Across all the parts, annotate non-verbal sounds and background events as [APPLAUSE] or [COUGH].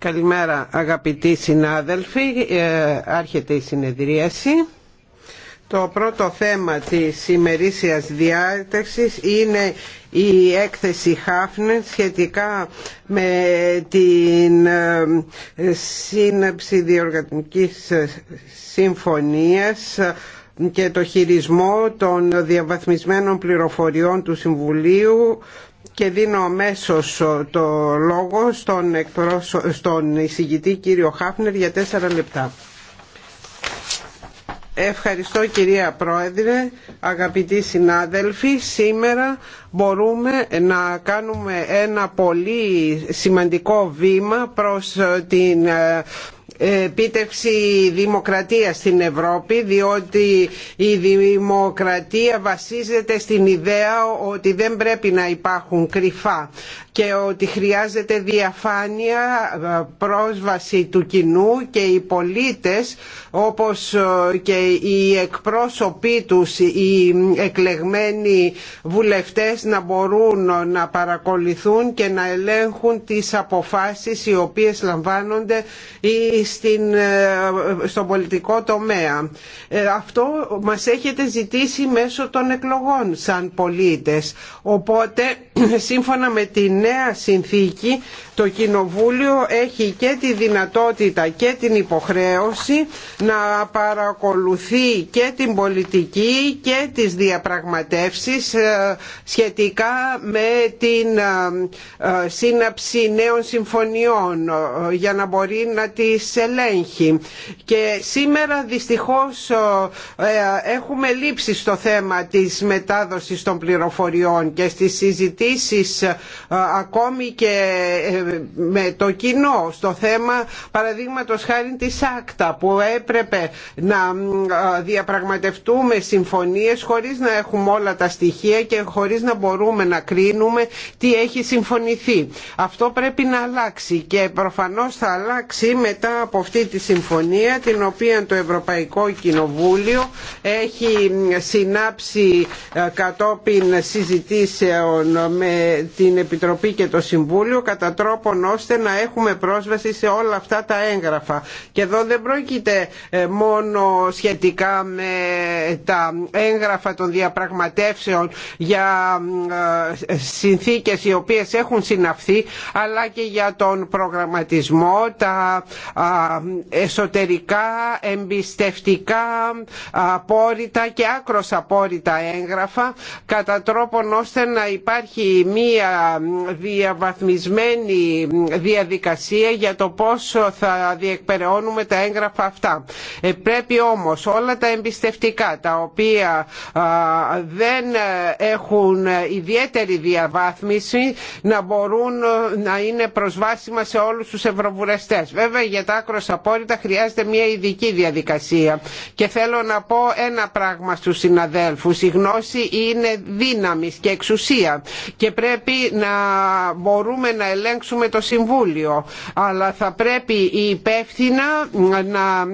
Καλημέρα αγαπητοί συνάδελφοι, ε, άρχεται η συνεδρίαση. Το πρώτο θέμα της ημερήσια διάταξης είναι η έκθεση Χάφνε σχετικά με την ε, σύναψη διοργανωτικής συμφωνίας και το χειρισμό των διαβαθμισμένων πληροφοριών του Συμβουλίου και δίνω αμέσω ε, το λόγο στον, στον εισηγητή κύριο Χάφνερ για τέσσερα λεπτά. Ευχαριστώ κυρία Πρόεδρε, αγαπητοί συνάδελφοι. Σήμερα μπορούμε να κάνουμε ένα πολύ σημαντικό βήμα προς ε, την ε, επίτευξη δημοκρατία στην Ευρώπη διότι η δημοκρατία βασίζεται στην ιδέα ότι δεν πρέπει να υπάρχουν κρυφά και ότι χρειάζεται διαφάνεια πρόσβαση του κοινού και οι πολίτες όπως και οι εκπρόσωποι τους οι εκλεγμένοι βουλευτές να μπορούν να παρακολουθούν και να ελέγχουν τις αποφάσεις οι οποίες λαμβάνονται ή στην, ε, στον πολιτικό τομέα. Ε, αυτό μας έχετε ζητήσει μέσω των εκλογών σαν πολίτες. Οπότε [CLEARS THROAT] σύμφωνα με τη νέα συνθήκη το Κοινοβούλιο έχει και τη δυνατότητα και την υποχρέωση να παρακολουθεί και την πολιτική και τις διαπραγματεύσεις ε, σχετικά με την σύναψη νέων συμφωνιών για να μπορεί να τις και σήμερα δυστυχώς ε, έχουμε λήψει στο θέμα της μετάδοσης των πληροφοριών και στις συζητήσεις ε, ακόμη και ε, με το κοινό στο θέμα παραδείγματος χάρη της άκτα που έπρεπε να διαπραγματευτούμε συμφωνίες χωρίς να έχουμε όλα τα στοιχεία και χωρίς να μπορούμε να κρίνουμε τι έχει συμφωνηθεί. Αυτό πρέπει να αλλάξει και προφανώς θα αλλάξει μετά από αυτή τη συμφωνία την οποία το Ευρωπαϊκό Κοινοβούλιο έχει συνάψει ε, κατόπιν συζητήσεων με την Επιτροπή και το Συμβούλιο κατά τρόπον ώστε να έχουμε πρόσβαση σε όλα αυτά τα έγγραφα. Και εδώ δεν πρόκειται ε, μόνο σχετικά με τα έγγραφα των διαπραγματεύσεων για ε, συνθήκες οι οποίες έχουν συναυθεί αλλά και για τον προγραμματισμό, τα εσωτερικά εμπιστευτικά απόρριτα και άκρος απόρριτα έγγραφα κατά τρόπον ώστε να υπάρχει μία διαβαθμισμένη διαδικασία για το πόσο θα διεκπεραιώνουμε τα έγγραφα αυτά. Ε, πρέπει όμως όλα τα εμπιστευτικά τα οποία δεν έχουν ιδιαίτερη διαβάθμιση να μπορούν να είναι προσβάσιμα σε όλους τους ευρωβουλευτές. Βέβαια για τα άκρος χρειάζεται μια ειδική διαδικασία. Και θέλω να πω ένα πράγμα στους συναδέλφους. Η γνώση είναι δύναμη και εξουσία και πρέπει να μπορούμε να ελέγξουμε το Συμβούλιο. Αλλά θα πρέπει υπεύθυνα να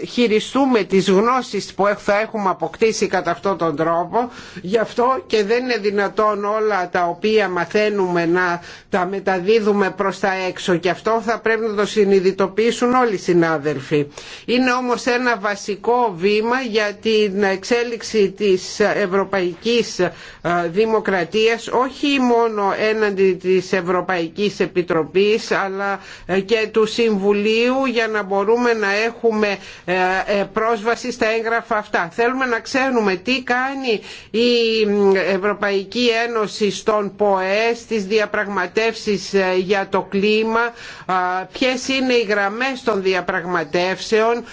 ε, χειριστούμε τις γνώσεις που θα έχουμε αποκτήσει κατά αυτόν τον τρόπο. Γι' αυτό και δεν είναι δυνατόν όλα τα οποία μαθαίνουμε να τα μεταδίδουμε προς τα έξω. Και αυτό θα πρέπει να το συνειδητοποιήσουμε όλοι Είναι όμως ένα βασικό βήμα για την εξέλιξη της ευρωπαϊκής ε, δημοκρατίας όχι μόνο έναντι της Ευρωπαϊκής Επιτροπής αλλά ε, και του Συμβουλίου για να μπορούμε να έχουμε ε, πρόσβαση στα έγγραφα αυτά. Θέλουμε να ξέρουμε τι κάνει η Ευρωπαϊκή Ένωση στον ΠΟΕ, στις διαπραγματεύσεις για το κλίμα, ποιες είναι οι γραμμές γραμμές των διαπραγματεύσεων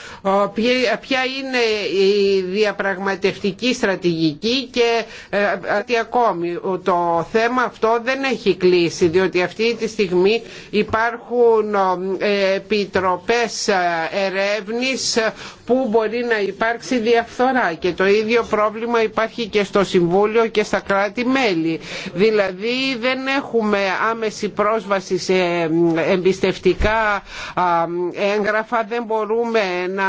ποια είναι η διαπραγματευτική στρατηγική και ε, τι ακόμη το θέμα αυτό δεν έχει κλείσει διότι αυτή τη στιγμή υπάρχουν ε, επιτροπές ε, ερεύνης που μπορεί να υπάρξει διαφθορά και το ίδιο πρόβλημα υπάρχει και στο Συμβούλιο και στα κράτη-μέλη. Δηλαδή δεν έχουμε άμεση πρόσβαση σε εμπιστευτικά έγγραφα δεν μπορούμε να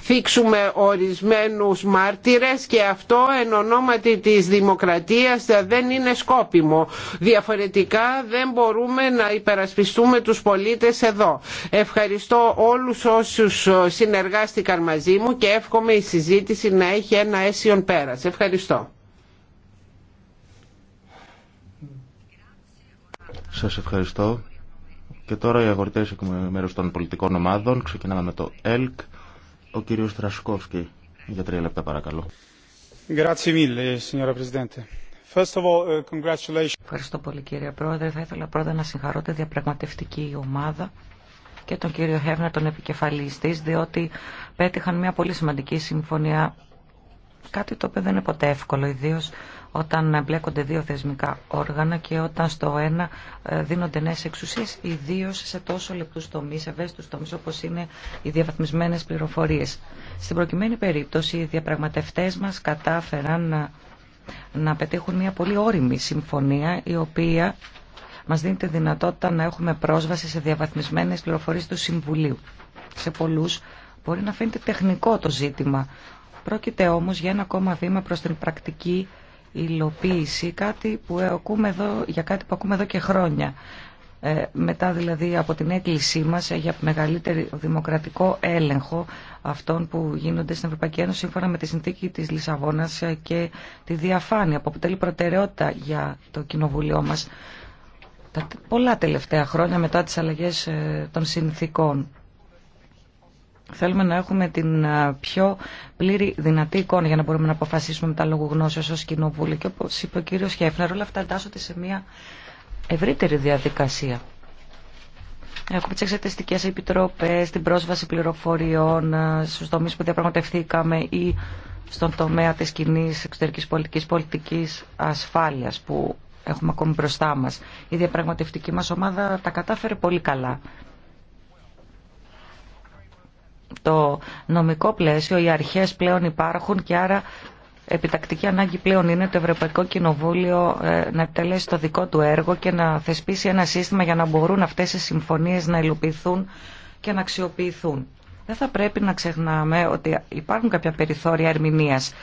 θίξουμε ορισμένους μάρτυρες και αυτό εν ονόματι της δημοκρατίας δεν είναι σκόπιμο. Διαφορετικά δεν μπορούμε να υπερασπιστούμε τους πολίτες εδώ. Ευχαριστώ όλους όσους συνεργάστηκαν μαζί μου και εύχομαι η συζήτηση να έχει ένα αίσιον πέρας. Ευχαριστώ. Σας ευχαριστώ. Και τώρα οι αγορητέ εκ μέρου των πολιτικών ομάδων. Ξεκινάμε με το ΕΛΚ. Ο κύριο Τρασκόφσκι. Για τρία λεπτά παρακαλώ. Uh, Ευχαριστώ πολύ κύριε Πρόεδρε. Θα ήθελα πρώτα να συγχαρώ τη διαπραγματευτική ομάδα και τον κύριο Χεύνα, τον επικεφαλής διότι πέτυχαν μια πολύ σημαντική συμφωνία Κάτι το οποίο δεν είναι ποτέ εύκολο, ιδίω όταν εμπλέκονται δύο θεσμικά όργανα και όταν στο ένα ε, δίνονται νέε εξουσίε, ιδίω σε τόσο λεπτού τομεί, ευαίσθητου τομεί όπω είναι οι διαβαθμισμένε πληροφορίε. Στην προκειμένη περίπτωση, οι διαπραγματευτέ μα κατάφεραν να, ε, να πετύχουν μια πολύ όρημη συμφωνία, η οποία μα δίνει τη δυνατότητα να έχουμε πρόσβαση σε διαβαθμισμένε πληροφορίε του Συμβουλίου. Σε πολλού μπορεί να φαίνεται τεχνικό το ζήτημα Πρόκειται όμως για ένα ακόμα βήμα προς την πρακτική υλοποίηση, κάτι που ακούμε εδώ, για κάτι που ακούμε εδώ και χρόνια. Ε, μετά δηλαδή από την έκκλησή μας για μεγαλύτερο δημοκρατικό έλεγχο αυτών που γίνονται στην Ευρωπαϊκή Ένωση σύμφωνα με τη συνθήκη της Λισαβόνας και τη διαφάνεια που αποτελεί προτεραιότητα για το κοινοβουλίο μας τα πολλά τελευταία χρόνια μετά τις αλλαγές ε, των συνθήκων. Θέλουμε να έχουμε την πιο πλήρη δυνατή εικόνα για να μπορούμε να αποφασίσουμε με τα λόγου ω κοινοβούλιο. Και όπω είπε ο κύριο Χέφνερ, όλα αυτά εντάσσονται σε μια ευρύτερη διαδικασία. Έχουμε τι εξεταστικέ επιτροπέ, την πρόσβαση πληροφοριών στου τομεί που διαπραγματευθήκαμε ή στον τομέα τη κοινή εξωτερική πολιτική πολιτική ασφάλεια που έχουμε ακόμη μπροστά μα. Η διαπραγματευτική μα ομάδα τα κατάφερε πολύ καλά το νομικό πλαίσιο, οι αρχές πλέον υπάρχουν και άρα επιτακτική ανάγκη πλέον είναι το Ευρωπαϊκό Κοινοβούλιο ε, να επιτελέσει το δικό του έργο και να θεσπίσει ένα σύστημα για να μπορούν αυτές οι συμφωνίες να υλοποιηθούν και να αξιοποιηθούν. Δεν θα πρέπει να ξεχνάμε ότι υπάρχουν κάποια περιθώρια ερμηνείας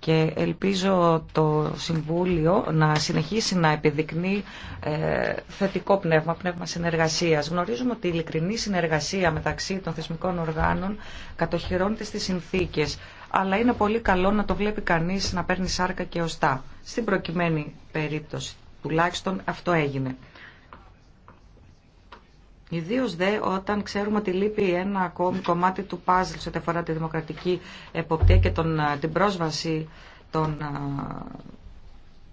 και ελπίζω το Συμβούλιο να συνεχίσει να επιδεικνύει ε, θετικό πνεύμα, πνεύμα συνεργασίας. Γνωρίζουμε ότι η ειλικρινή συνεργασία μεταξύ των θεσμικών οργάνων κατοχυρώνεται στις συνθήκες, αλλά είναι πολύ καλό να το βλέπει κανείς να παίρνει σάρκα και οστά. Στην προκειμένη περίπτωση τουλάχιστον αυτό έγινε. Ιδίω δε όταν ξέρουμε ότι λείπει ένα ακόμη κομμάτι του πάζλ σε ό,τι αφορά τη δημοκρατική εποπτεία και τον, ε, την πρόσβαση των, ε,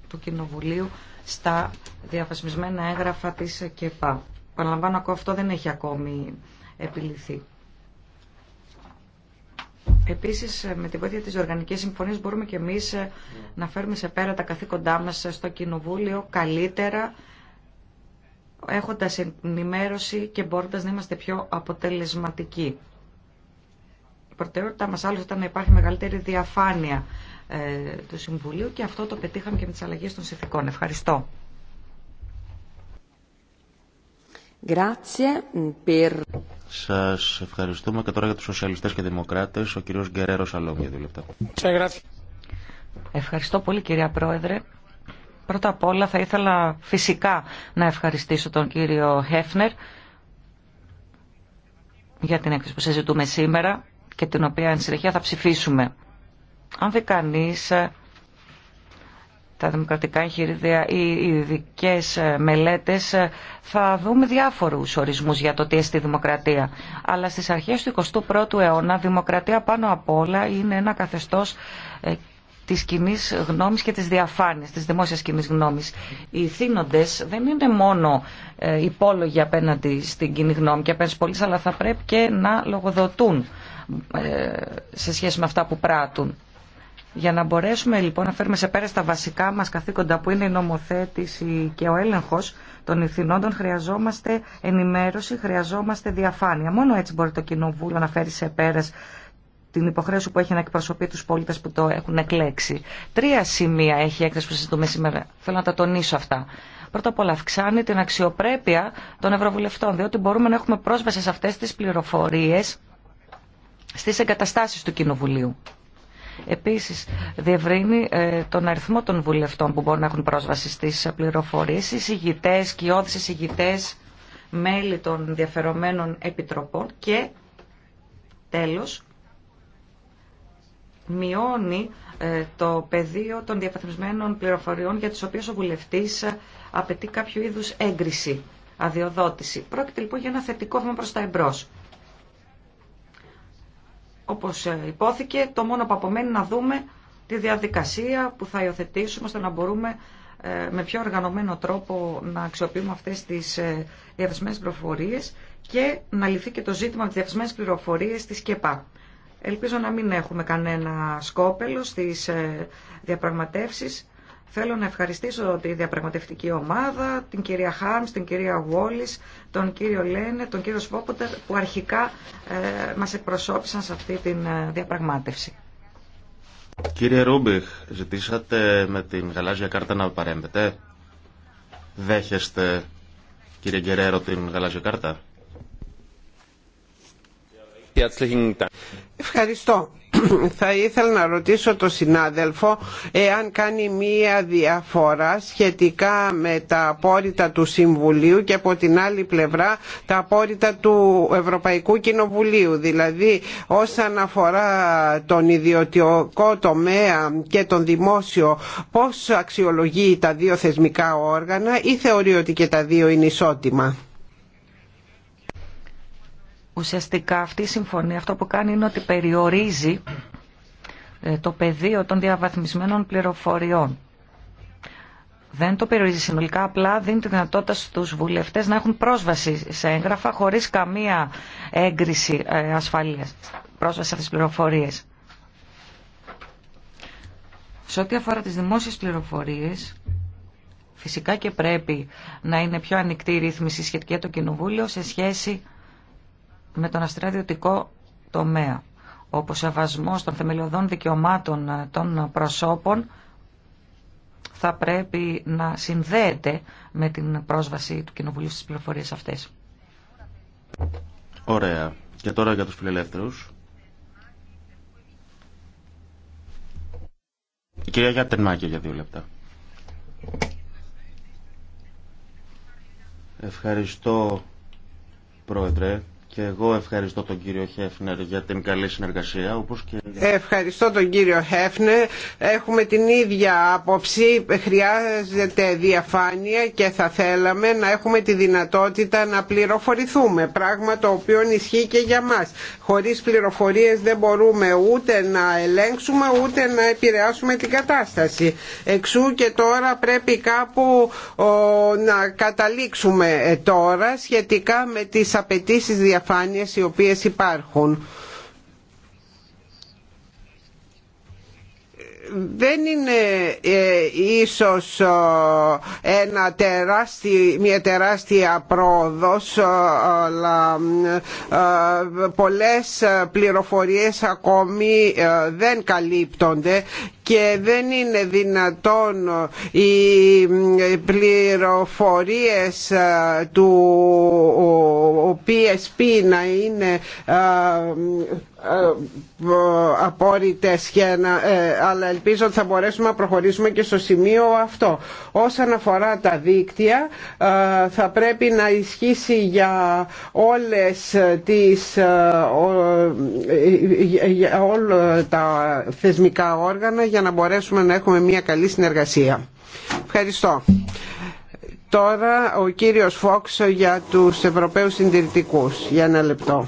του Κοινοβουλίου στα διαφασμισμένα έγγραφα της ΚΕΠΑ. Παραλαμβάνω ακόμα αυτό δεν έχει ακόμη επιληθεί. Επίσης ε, με τη βοήθεια της Οργανικής Συμφωνίας μπορούμε και εμείς να φέρουμε σε πέρα τα καθήκοντά μα στο Κοινοβούλιο καλύτερα έχοντας ενημέρωση και μπορώντας να είμαστε πιο αποτελεσματικοί. Η προτεραιότητά μας άλλωστε, ήταν να υπάρχει μεγαλύτερη διαφάνεια ε, του Συμβουλίου και αυτό το πετύχαμε και με τις αλλαγές των συνθηκών. Ευχαριστώ. Σας ευχαριστούμε και τώρα για τους σοσιαλιστές και δημοκράτες, ο κύριος Γκερέρος Αλόμ για δύο λεπτά. Ευχαριστώ πολύ κυρία Πρόεδρε. Πρώτα απ' όλα θα ήθελα φυσικά να ευχαριστήσω τον κύριο Χέφνερ για την έκθεση που συζητούμε σήμερα και την οποία εν συνεχεία θα ψηφίσουμε. Αν δει κανεί ε, τα δημοκρατικά εγχειρίδια ή οι ειδικέ ε, μελέτες ε, θα δούμε διάφορους ορισμού για το τι είναι η δημοκρατία. Αλλά στις αρχές του 21ου αιώνα δημοκρατία πάνω απ' όλα είναι ένα καθεστώ της κοινή γνώμης και της διαφάνειας, της δημόσιας κοινή γνώμης. Οι θύνοντες δεν είναι μόνο ε, υπόλογοι απέναντι στην κοινή γνώμη και απέναντι στους αλλά θα πρέπει και να λογοδοτούν ε, σε σχέση με αυτά που πράττουν. Για να μπορέσουμε λοιπόν να φέρουμε σε πέρα στα βασικά μας καθήκοντα που είναι η νομοθέτηση και ο έλεγχος των ηθινόντων χρειαζόμαστε ενημέρωση, χρειαζόμαστε διαφάνεια. Μόνο έτσι μπορεί το Κοινοβούλιο να φέρει σε πέρα την υποχρέωση που έχει να εκπροσωπεί του πολίτε που το έχουν εκλέξει. Τρία σημεία έχει η έκθεση που συζητούμε σήμερα. Θέλω να τα τονίσω αυτά. Πρώτα απ' όλα αυξάνει την αξιοπρέπεια των Ευρωβουλευτών, διότι μπορούμε να έχουμε πρόσβαση σε αυτές τις πληροφορίες στις εγκαταστάσεις του Κοινοβουλίου. Επίση, διευρύνει ε, τον αριθμό των βουλευτών που μπορούν να έχουν πρόσβαση στι στις πληροφορίες, οι κοιόδης συγητέ, μέλη των ενδιαφερομένων επιτροπών και τέλος μειώνει ε, το πεδίο των διαπαθμισμένων πληροφοριών για τις οποίες ο βουλευτής ε, απαιτεί κάποιο είδους έγκριση, αδειοδότηση. Πρόκειται λοιπόν για ένα θετικό βήμα προς τα εμπρός. Όπως ε, υπόθηκε, το μόνο που απομένει να δούμε τη διαδικασία που θα υιοθετήσουμε ώστε να μπορούμε με πιο οργανωμένο τρόπο να αξιοποιούμε αυτές τις διαβασμένες πληροφορίες και να λυθεί και το ζήτημα με τις διαβασμένες πληροφορίες της ΚΕΠΑ. Ελπίζω να μην έχουμε κανένα σκόπελο στις ε, διαπραγματεύσεις. Θέλω να ευχαριστήσω τη διαπραγματευτική ομάδα, την κυρία Χάμς, την κυρία Βόλης, τον κύριο Λένε, τον κύριο Σβόποντερ που αρχικά ε, μας εκπροσώπησαν σε αυτή τη ε, διαπραγμάτευση. Κύριε Ρούμπιχ, ζητήσατε με την γαλάζια κάρτα να παρέμβετε. Δέχεστε, κύριε Γκερέρο, την γαλάζια κάρτα. Ευχαριστώ. [CLEARS THROAT] Θα ήθελα να ρωτήσω τον συνάδελφο εάν κάνει μία διαφορά σχετικά με τα απόρριτα του Συμβουλίου και από την άλλη πλευρά τα απόρριτα του Ευρωπαϊκού Κοινοβουλίου. Δηλαδή όσον αφορά τον ιδιωτικό τομέα και τον δημόσιο πώς αξιολογεί τα δύο θεσμικά όργανα ή θεωρεί ότι και τα δύο είναι ισότιμα. Ουσιαστικά αυτή η συμφωνία αυτό που κάνει είναι ότι περιορίζει ε, το πεδίο των διαβαθμισμένων πληροφοριών. Δεν το περιορίζει συνολικά, απλά δίνει τη δυνατότητα στους βουλευτές να έχουν πρόσβαση σε έγγραφα χωρίς καμία έγκριση ε, ασφαλείας, πρόσβαση σε αυτές πληροφορίες. Σε ό,τι αφορά τις δημόσιες πληροφορίες, φυσικά και πρέπει να είναι πιο ανοιχτή η ρύθμιση σχετικά το Κοινοβούλιο σε σχέση με τον αστραδιωτικό τομέα, όπως ο σεβασμός των θεμελιωδών δικαιωμάτων ε, των προσώπων θα πρέπει να συνδέεται με την πρόσβαση του Κοινοβουλίου στις πληροφορίες αυτές. Ωραία. Και τώρα για τους φιλελεύθερους. Η κυρία Γιατερμάκη για δύο λεπτά. Ευχαριστώ, Πρόεδρε. Και εγώ ευχαριστώ τον κύριο Χέφνερ για την καλή συνεργασία. Όπως και... Ευχαριστώ τον κύριο Χέφνερ. Έχουμε την ίδια άποψη. Χρειάζεται διαφάνεια και θα θέλαμε να έχουμε τη δυνατότητα να πληροφορηθούμε. Πράγμα το οποίο ισχύει και για μας. Χωρίς πληροφορίες δεν μπορούμε ούτε να ελέγξουμε ούτε να επηρεάσουμε την κατάσταση. Εξού και τώρα πρέπει κάπου να καταλήξουμε ε, τώρα σχετικά με τις απαιτήσει διαφάνειας διαφάνειες οι οποίες υπάρχουν. δεν είναι ε, ίσως ένα τεράστι, μια τεράστια πρόοδος αλλά ε, ε, πολλές πληροφορίες ακόμη δεν καλύπτονται και δεν είναι δυνατόν οι πληροφορίες του PSP να είναι ε, ε, απόρριτες ε, αλλά ελπίζω ότι θα μπορέσουμε να προχωρήσουμε και στο σημείο αυτό. Όσον αφορά τα δίκτυα θα πρέπει να ισχύσει για όλες τις για τα θεσμικά όργανα για να μπορέσουμε να έχουμε μια καλή συνεργασία. Ευχαριστώ. Τώρα ο κύριος Φόξο για τους Ευρωπαίους Συντηρητικούς. Για ένα λεπτό.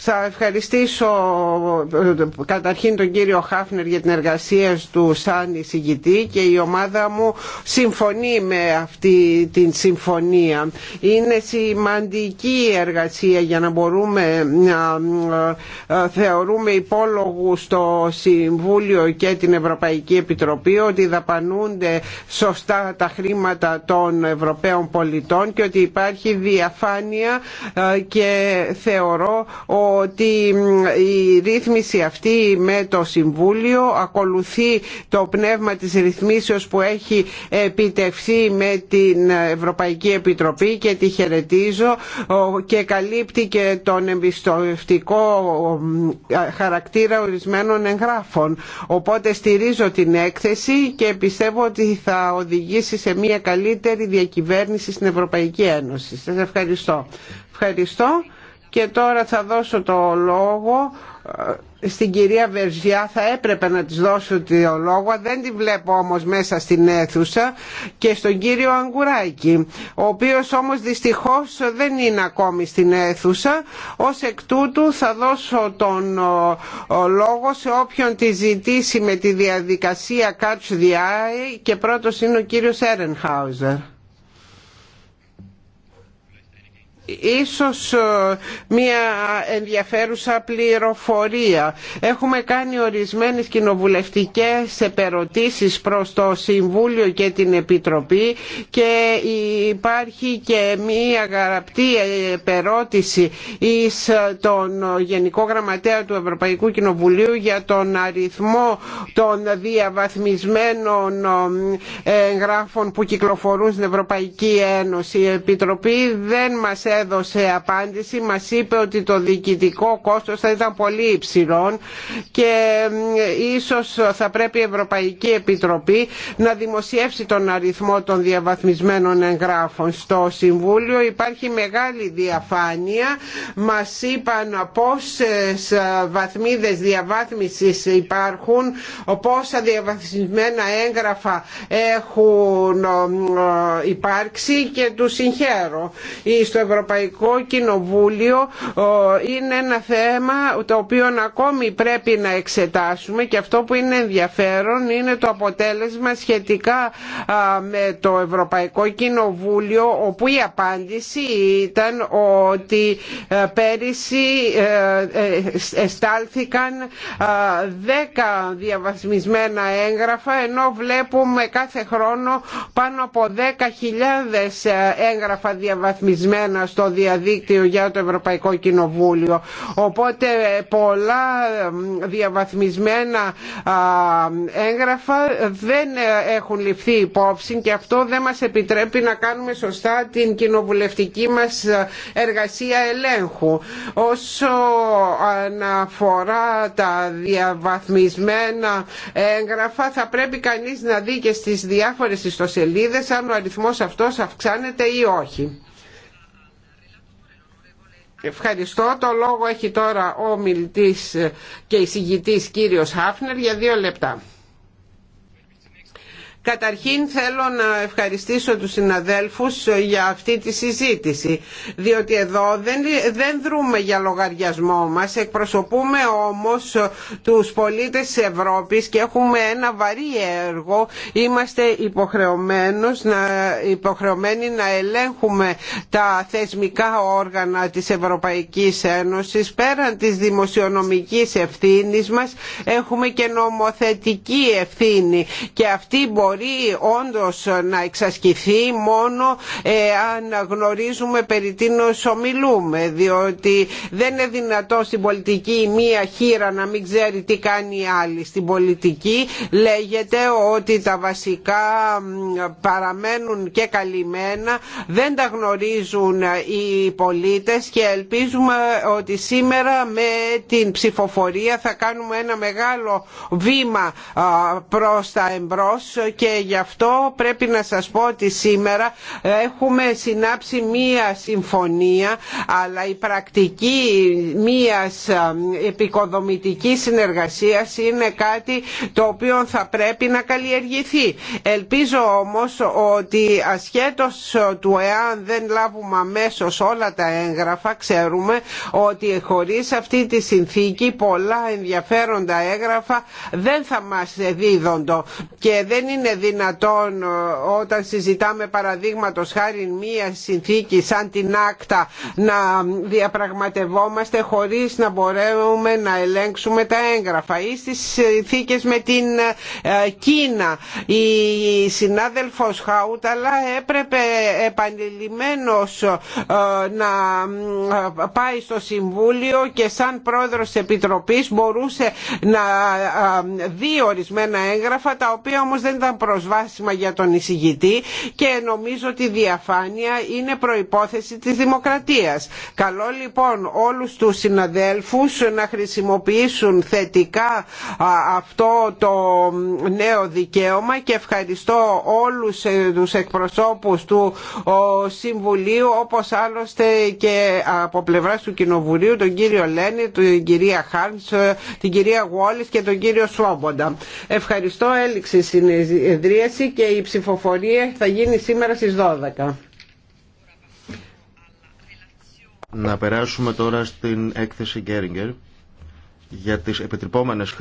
Θα ευχαριστήσω ε, καταρχήν τον κύριο Χάφνερ για την εργασία του σαν εισηγητή και η ομάδα μου συμφωνεί με αυτή την συμφωνία. Είναι σημαντική η εργασία για να μπορούμε να ε, ε, θεωρούμε υπόλογου στο Συμβούλιο και την Ευρωπαϊκή Επιτροπή ότι δαπανούνται σωστά τα χρήματα των Ευρωπαίων πολιτών και ότι υπάρχει διαφάνεια και θεωρώ ότι η ρύθμιση αυτή με το Συμβούλιο ακολουθεί το πνεύμα της ρυθμίσεως που έχει επιτευχθεί με την Ευρωπαϊκή Επιτροπή και τη χαιρετίζω και καλύπτει και τον εμπιστοευτικό χαρακτήρα ορισμένων εγγράφων. Οπότε στηρίζω την έκθεση και πιστεύω ότι θα οδηγήσει σε μια καλύτερη διακυβέρνηση στην Ευρωπαϊκή Ένωση. Σας ευχαριστώ. Ευχαριστώ. Και τώρα θα δώσω το λόγο ε, στην κυρία Βερζιά θα έπρεπε να της δώσω το λόγο δεν τη βλέπω όμως μέσα στην αίθουσα και στον κύριο Αγκουράκη ο οποίος όμως δυστυχώς δεν είναι ακόμη στην αίθουσα ως εκ τούτου θα δώσω τον ε, λόγο σε όποιον τη ζητήσει με τη διαδικασία Catch the Eye και πρώτος είναι ο κύριος Έρενχάουζερ ίσως ε, μια ενδιαφέρουσα πληροφορία. Έχουμε κάνει ορισμένες κοινοβουλευτικές επερωτήσεις προς το Συμβούλιο και την Επιτροπή και υπάρχει και μια γραπτή επερώτηση εις ε, τον Γενικό Γραμματέα του Ευρωπαϊκού Κοινοβουλίου για τον αριθμό των διαβαθμισμένων ε, εγγράφων που κυκλοφορούν στην Ευρωπαϊκή Ένωση. Η Επιτροπή δεν μας έδωσε απάντηση μας είπε ότι το διοικητικό κόστος θα ήταν πολύ υψηλό και ίσως θα πρέπει η Ευρωπαϊκή Επιτροπή να δημοσιεύσει τον αριθμό των διαβαθμισμένων εγγράφων στο Συμβούλιο. Υπάρχει μεγάλη διαφάνεια. Μας είπαν πόσες ε, βαθμίδες διαβάθμισης υπάρχουν, πόσα διαβαθμισμένα έγγραφα έχουν ε, ε, υπάρξει και του συγχαίρω. Στο Ευρωπαϊκό Κοινοβούλιο ε, είναι ένα θέμα το οποίο ακόμη πρέπει να εξετάσουμε και αυτό που είναι ενδιαφέρον είναι το αποτέλεσμα σχετικά με το Ευρωπαϊκό Κοινοβούλιο όπου η απάντηση ήταν ότι ε, πέρυσι ε, εστάλθηκαν 10 διαβασμισμένα έγγραφα ενώ βλέπουμε κάθε χρόνο πάνω από 10.000 έγγραφα διαβαθμισμένα στο διαδίκτυο για το Ευρωπαϊκό Κοινοβούλιο. Οπότε πολλά διαβαθμισμένα έγγραφα δεν ε, έχουν ληφθεί υπόψη και αυτό δεν μας επιτρέπει να κάνουμε σωστά την κοινοβουλευτική μας ε, εργασία ελέγχου. Όσο αναφορά τα διαβαθμισμένα έγγραφα θα πρέπει κανείς να δει και στις διάφορες ιστοσελίδες αν ο αριθμός αυτός αυξάνεται ή όχι. Ευχαριστώ. Το λόγο έχει τώρα ο μιλητής και εισηγητής κύριος Χάφνερ για δύο λεπτά. Καταρχήν θέλω να ευχαριστήσω τους συναδέλφους για αυτή τη συζήτηση, διότι εδώ δεν, δεν δρούμε για λογαριασμό μας, εκπροσωπούμε όμως τους πολίτες της Ευρώπης και έχουμε ένα βαρύ έργο, είμαστε να, υποχρεωμένοι να ελέγχουμε τα θεσμικά όργανα της Ευρωπαϊκής Ένωσης, πέραν της δημοσιονομικής ευθύνης μας έχουμε και νομοθετική ευθύνη και αυτή μπορεί μπορεί όντως να εξασκηθεί μόνο ε, αν γνωρίζουμε περί τίνος ομιλούμε διότι δεν είναι δυνατό στην πολιτική μία χείρα να μην ξέρει τι κάνει η άλλη. Στην πολιτική λέγεται ότι τα βασικά παραμένουν και καλυμμένα, δεν τα γνωρίζουν οι πολίτες και ελπίζουμε ότι σήμερα με την ψηφοφορία θα κάνουμε ένα μεγάλο βήμα προς τα εμπρός και γι' αυτό πρέπει να σας πω ότι σήμερα έχουμε συνάψει μία συμφωνία αλλά η πρακτική μίας επικοδομητικής συνεργασίας είναι κάτι το οποίο θα πρέπει να καλλιεργηθεί. Ελπίζω όμως ότι ασχέτως του εάν δεν λάβουμε αμέσως όλα τα έγγραφα ξέρουμε ότι χωρίς αυτή τη συνθήκη πολλά ενδιαφέροντα έγγραφα δεν θα μας δίδοντο και δεν είναι δυνατόν ε, όταν συζητάμε παραδείγματο χάρη μία συνθήκη σαν την άκτα να διαπραγματευόμαστε χωρίς να μπορέσουμε να ελέγξουμε τα έγγραφα ή στις συνθήκες με την ε, ε, Κίνα. Η συνάδελφος Χαούταλα έπρεπε επανειλημμένος να πάει στο Συμβούλιο και σαν πρόεδρος Επιτροπής μπορούσε να δει ορισμένα έγγραφα τα οποία όμως δεν ήταν προσβάσιμα για τον εισηγητή και νομίζω ότι η διαφάνεια είναι προϋπόθεση της δημοκρατίας. Καλό λοιπόν όλους τους συναδέλφους να χρησιμοποιήσουν θετικά αυτό το νέο δικαίωμα και ευχαριστώ όλους ε, τους εκπροσώπους του Συμβουλίου όπως άλλωστε και από πλευράς του Κοινοβουλίου τον κύριο Λένη, την κυρία Χάρντς, ε, την κυρία Γουόλης και τον κύριο Σόμποντα. Ευχαριστώ, έληξε συνεδρίαση και η ψηφοφορία θα γίνει σήμερα στις 12. Να περάσουμε τώρα στην έκθεση Γκέριγκερ για τις επιτρεπόμενες